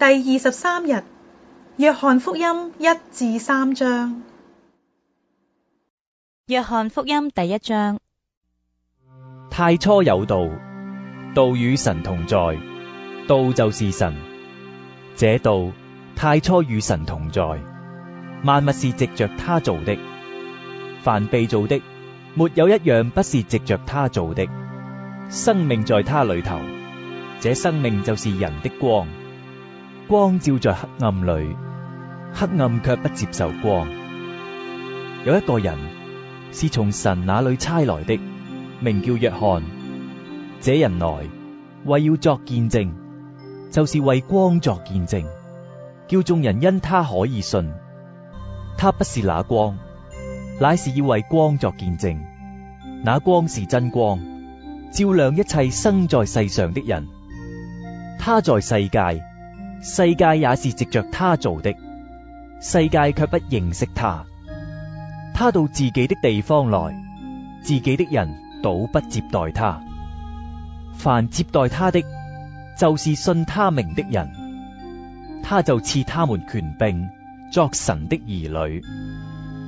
第二十三日，約翰福音一至三章。約翰福音第一章。太初有道，道與神同在，道就是神。這道太初與神同在，萬物是藉着他造的。凡被造的，沒有一樣不是藉着他造的。生命在他裏頭，這生命就是人的光。光照在黑暗裏，黑暗卻不接受光。有一個人是從神那裏差來的，名叫約翰。這人來為要作見證，就是為光作見證，叫眾人因他可以信。他不是那光，乃是要為光作見證。那光是真光，照亮一切生在世上的人。他在世界。世界也是藉着他做的，世界卻不認識他。他到自己的地方來，自己的人倒不接待他。凡接待他的，就是信他名的人。他就賜他們權柄，作神的兒女。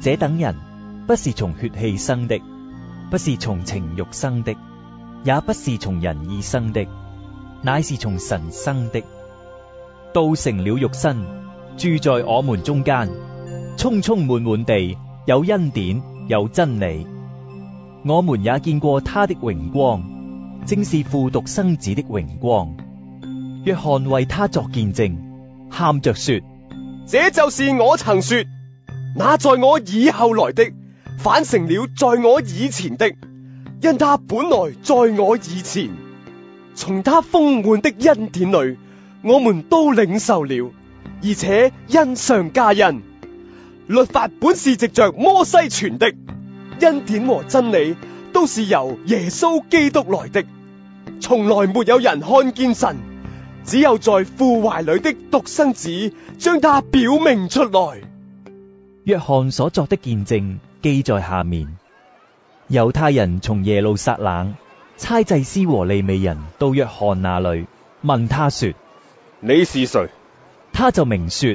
這等人不是從血氣生的，不是從情欲生的，也不是從人意生的，乃是從神生的。道成了肉身，住在我們中間，充充滿滿地有恩典，有真理。我們也見過他的榮光，正是父獨生子的榮光。約翰為他作見證，喊着說：這就是我曾說，那在我以後來的，反成了在我以前的，因他本來在我以前，從他豐滿的恩典裏。我們都領受了，而且恩上加恩。律法本是藉着摩西傳的，恩典和真理都是由耶穌基督來的。從來沒有人看見神，只有在父懷裏的獨生子將他表明出來。約翰所作的見證記在下面：猶太人從耶路撒冷差祭司和利未人到約翰那裏，問他說。你是誰？他就明說，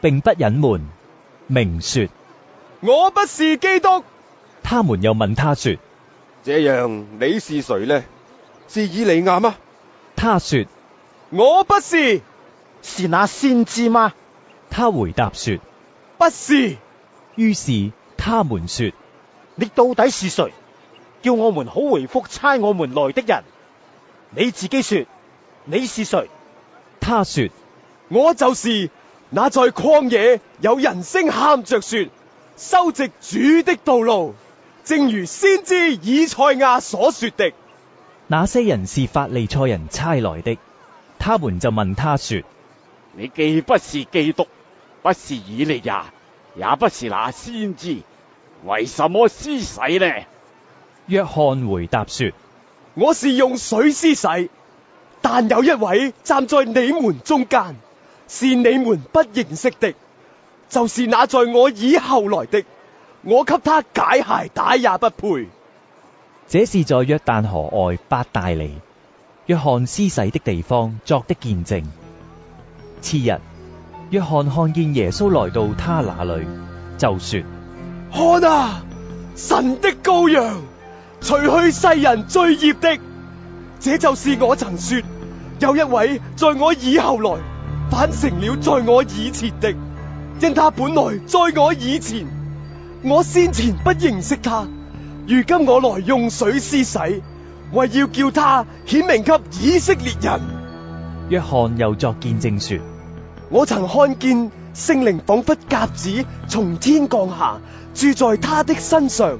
並不隱瞞。明說我不是基督。他們又問他說：這樣你是誰呢？是以利亞嗎？他說我不是，是那先知嗎？他回答說不是。於是他們說：你到底是誰？叫我們好回復差我們來的人。你自己說你是誰？他說：我就是那在曠野有人聲喊着說，修直主的道路，正如先知以賽亞所說的。那些人是法利賽人差來的，他們就問他說：你既不是基督，不是以利亞，也不是那先知，為什麼施洗呢？約翰回答說：我是用水施洗。但有一位站在你們中間，是你們不認識的，就是那在我以後來的，我給他解鞋帶也不配。這是在約旦河外伯大尼，約翰施洗的地方作的見證。次日，約翰看見耶穌來到他那裏，就說：看啊，神的羔羊，除去世人罪孽的。這就是我曾說，有一位在我以後來，反成了在我以前的，因他本來在我以前，我先前不認識他，如今我來用水施洗，為要叫他顯明給以色列人。約翰又作見證說：我曾看見聖靈仿佛鴿子從天降下，住在他的身上。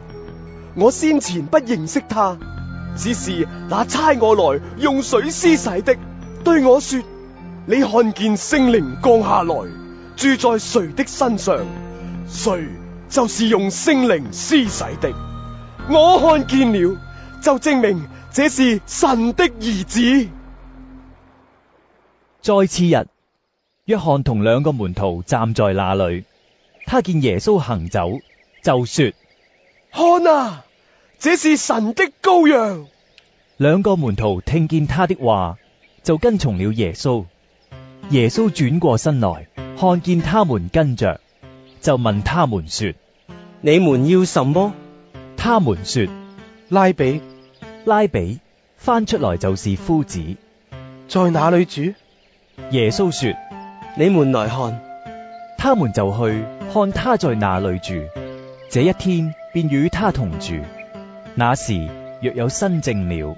我先前不認識他。只是那差我來用水施洗的對我說：你看見聖靈降下來，住在誰的身上，誰就是用聖靈施洗的。我看見了，就證明這是神的兒子。再次日，約翰同兩個門徒站在那裏，他見耶穌行走，就說：看啊！這是神的羔羊。兩個門徒聽見他的話，就跟從了耶穌。耶穌轉過身來，看見他們跟着，就問他們說：你們要什麼？他們說：拉比，拉比。翻出來就是夫子。在哪裏住？耶穌說：你們來看。他們就去看他在哪裏住。這一天便與他同住。那時約有申正了，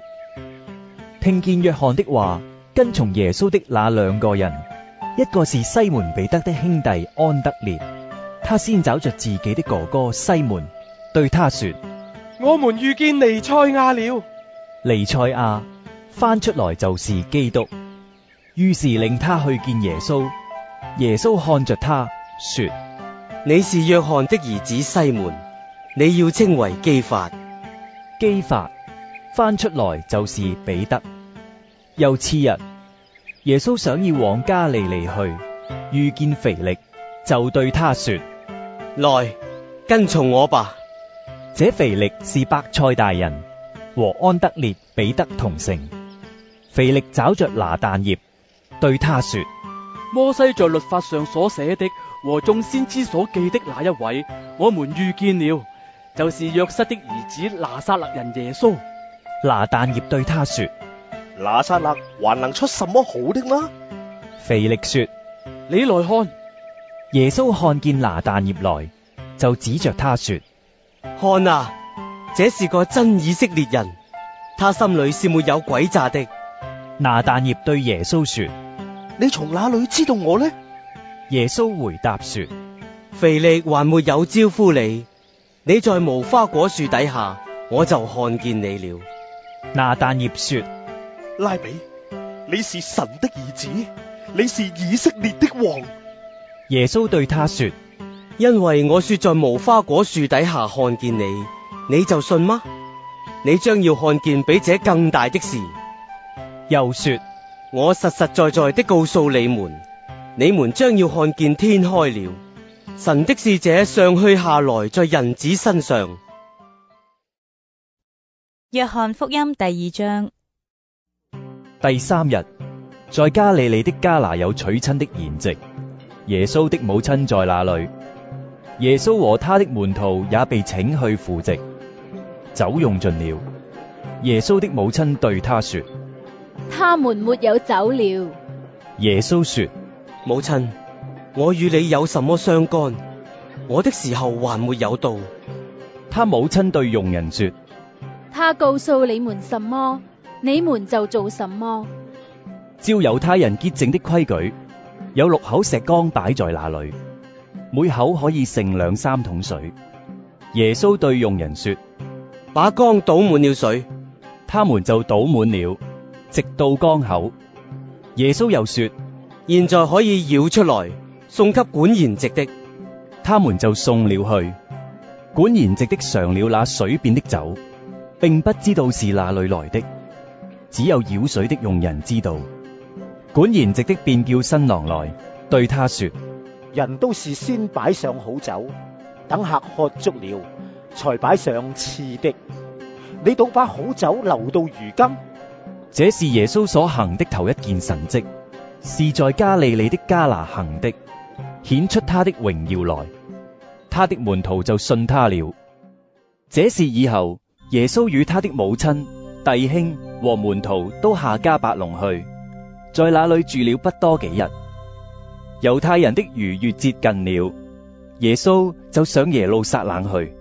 聽見約翰的話，跟從耶穌的那兩個人，一個是西門彼得的兄弟安德烈。他先找着自己的哥哥西門，對他說：我們遇見尼賽亞了。尼賽亞翻出來就是基督，於是領他去見耶穌。耶穌看着他說：你是約翰的兒子西門，你要稱為基法。磯法，翻出來就是彼得。又次日，耶穌想要往加利利去，遇見腓力，就對他說：來，跟從我吧。這腓力是伯賽大人和安德烈彼得同城。腓力找着拿但業，對他說：摩西在律法上所寫的和眾先知所記的那一位，我們遇見了。就是約瑟的兒子拿撒勒人耶穌。拿但業對他說：拿撒勒還能出什麼好的嗎？腓力說：你來看。耶穌看見拿但業來，就指着他說：看啊，這是個真以色列人，他心裏是沒有鬼詐的。拿但業對耶穌說：你從哪裏知道我呢？耶穌回答說：腓力還沒有招呼你。你在無花果樹底下，我就看見你了。拿但業說：拉比，你是神的兒子，你是以色列的王。耶穌對他說：因為我說在無花果樹底下看見你，你就信嗎？你將要看見比這更大的事。又說，我實實在在的告訴你們，你們將要看見天開了。神的使者上去下來，在人子身上。約翰福音第二章。第三日，在加利利的加拿有娶親的筵席，耶穌的母親在那裏，耶穌和他的門徒也被請去赴席。酒用盡了，耶穌的母親對他說：他們沒有酒了。耶穌說：母親。我與你有什麼相干？我的時候還沒有到。他母親對傭人說：他告訴你們什麼，你們就做什麼。照猶太人潔淨的規矩，有六口石缸擺在那裏，每口可以盛兩三桶水。耶穌對傭人說：把缸倒滿了水，他們就倒滿了，直到缸口。耶穌又說：現在可以舀出來。送給管筵席的，他們就送了去。管筵席的嘗了那水變的酒，並不知道是哪裏來的，只有舀水的用人知道。管筵席的便叫新郎來，對他說：人都是先擺上好酒，等客喝足了，才擺上次的。你倒把好酒留到如今。這是耶穌所行的頭一件神迹，是在加利利的迦拿行的。顯出他的榮耀來，他的門徒就信他了。這事以後，耶穌與他的母親、弟兄和門徒都下迦百農去，在那裏住了不多幾日。猶太人的逾越節近了，耶穌就上耶路撒冷去，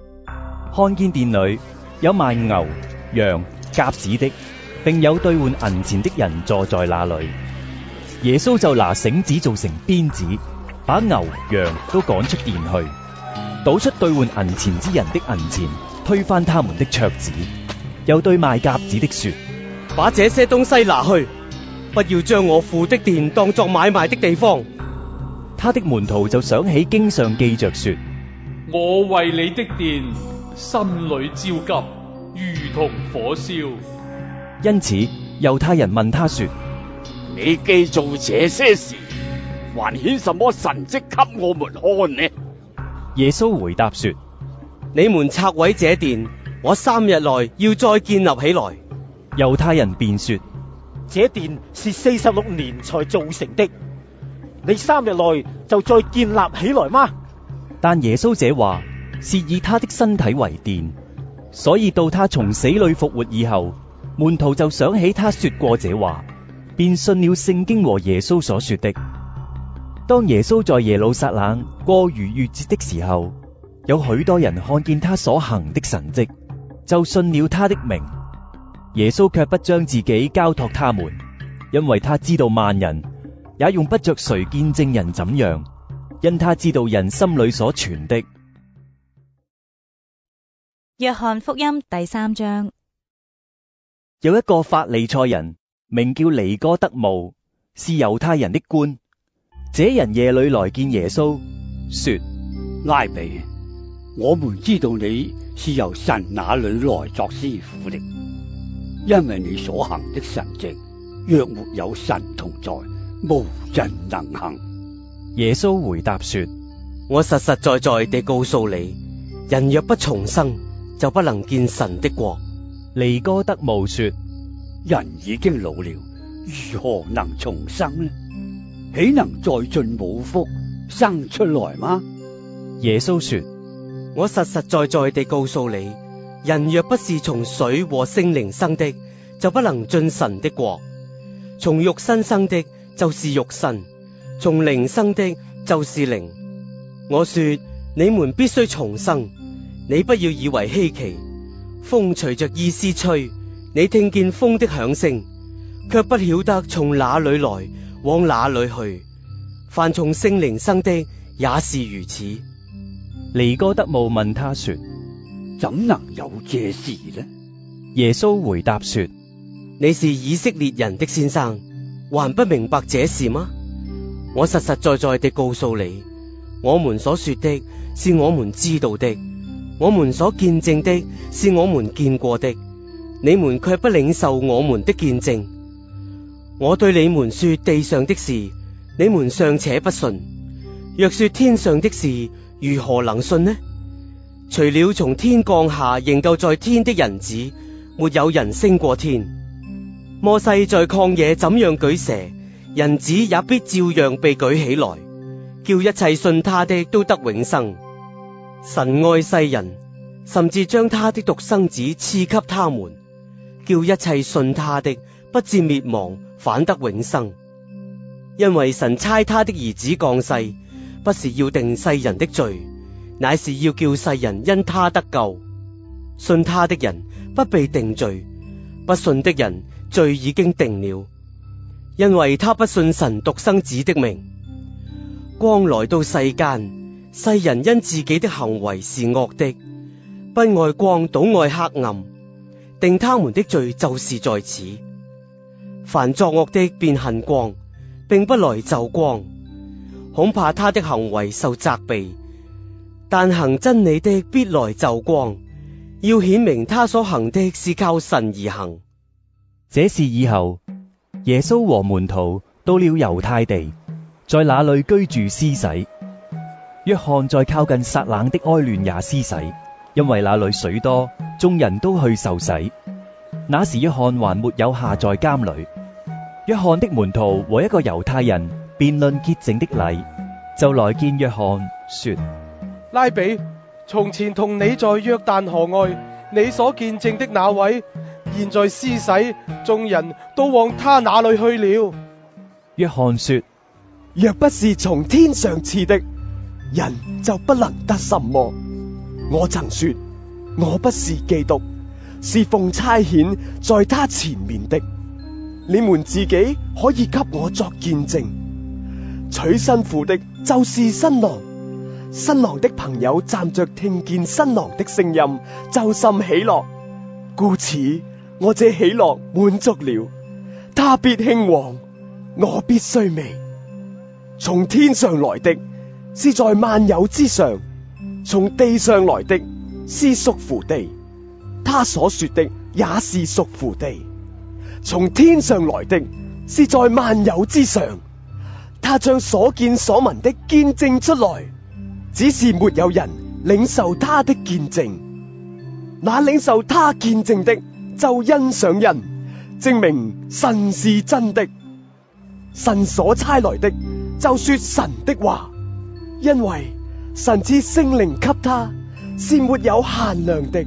看見殿裏有賣牛、羊、鴿子的，並有兌換銀錢的人坐在那裏。耶穌就拿繩子做成鞭子。把牛羊都趕出殿去，倒出兌換銀錢之人的銀錢，推翻他們的桌子，又對賣鴿子的說：把這些東西拿去，不要將我父的殿當作買賣的地方。他的門徒就想起經上記着說：我為你的殿心裏焦急，如同火燒。因此，猶太人問他說：你記做這些事？還顯什麼神蹟給我們看呢？耶穌回答說：你們拆毀這殿，我三日內要再建立起來。猶太人便說：這殿是四十六年才造成的，你三日內就再建立起來嗎？但耶穌這話是以他的身體為殿，所以到他從死裏復活以後，門徒就想起他說過這話，便信了聖經和耶穌所說的。當耶穌在耶路撒冷過逾越節的時候，有許多人看見他所行的神蹟，就信了他的名。耶穌卻不將自己交託他們，因為他知道萬人也用不着誰見證人怎樣，因他知道人心裏所存的。約翰福音第三章。有一個法利賽人名叫尼哥德慕，是猶太人的官。這人夜裏來見耶穌，說：拉比，我們知道你是由神那裏來作師傅的，因為你所行的神跡，若沒有神同在，無人能行。耶穌回答說：我實實在在地告訴你，人若不重生，就不能見神的國。尼哥德慕說：人已經老了，如何能重生呢？豈能再進母腹，生出來嗎？耶穌說：我實實在在地告訴你，人若不是從水和聖靈生的，就不能進神的國。從肉身生的，就是肉身；從靈生的，就是靈。我說你們必須重生，你不要以為稀奇。風隨着意思吹，你聽見風的響聲，卻不曉得從哪裏來。往哪裡去？凡從聖靈生的也是如此。尼哥德慕問他說：怎能有這事呢？耶穌回答說：你是以色列人的先生，還不明白這事嗎？我實實在在地告訴你，我們所說的是我們知道的，我們所見證的是我們見過的，你們卻不領受我們的見證。我對你們說地上的事，你們尚且不信；若說天上的事，如何能信呢？除了從天降下仍舊在天的人子，沒有人升過天。摩西在曠野怎樣舉蛇，人子也必照樣被舉起來，叫一切信他的都得永生。神愛世人，甚至將他的獨生子賜給他們，叫一切信他的。不至滅亡，反得永生，因為神差他的兒子降世，不是要定世人的罪，乃是要叫世人因他得救。信他的人不被定罪，不信的人罪已經定了，因為他不信神獨生子的名。光來到世間，世人因自己的行為是惡的，不愛光倒愛黑暗，定他們的罪就是在此。凡作惡的，便恨光，並不來就光，恐怕他的行為受責備；但行真理的，必來就光，要顯明他所行的是靠神而行。這事以後耶穌和門徒到了猶太地，在那裏居住施洗。約翰在靠近撒冷的哀嫩也施洗，因為那裏水多，眾人都去受洗。那時約翰還沒有下在監裏，約翰的門徒和一個猶太人辯論潔淨的禮，就來見約翰說：拉比，從前同你在約旦河外，你所見證的那位，現在施洗，眾人都往他那裏去了。約翰說：若不是從天上賜的，人就不能得什麼。我曾說，我不是基督。是奉差遣在他前面的，你們自己可以給我作見證。娶新婦的就是新郎，新郎的朋友站着聽見新郎的聲音，就甚喜樂。故此，我這喜樂滿足了。他必興旺，我必衰微。從天上來的，是在萬有之上；從地上來的，是屬乎地。他所說的也是屬乎地，從天上來的是在萬有之上。他將所見所聞的見證出來，只是沒有人領受他的見證。那領受他見證的就印上印證明神是真的。神所差來的就說神的話，因為神賜聖靈給他是沒有限量的。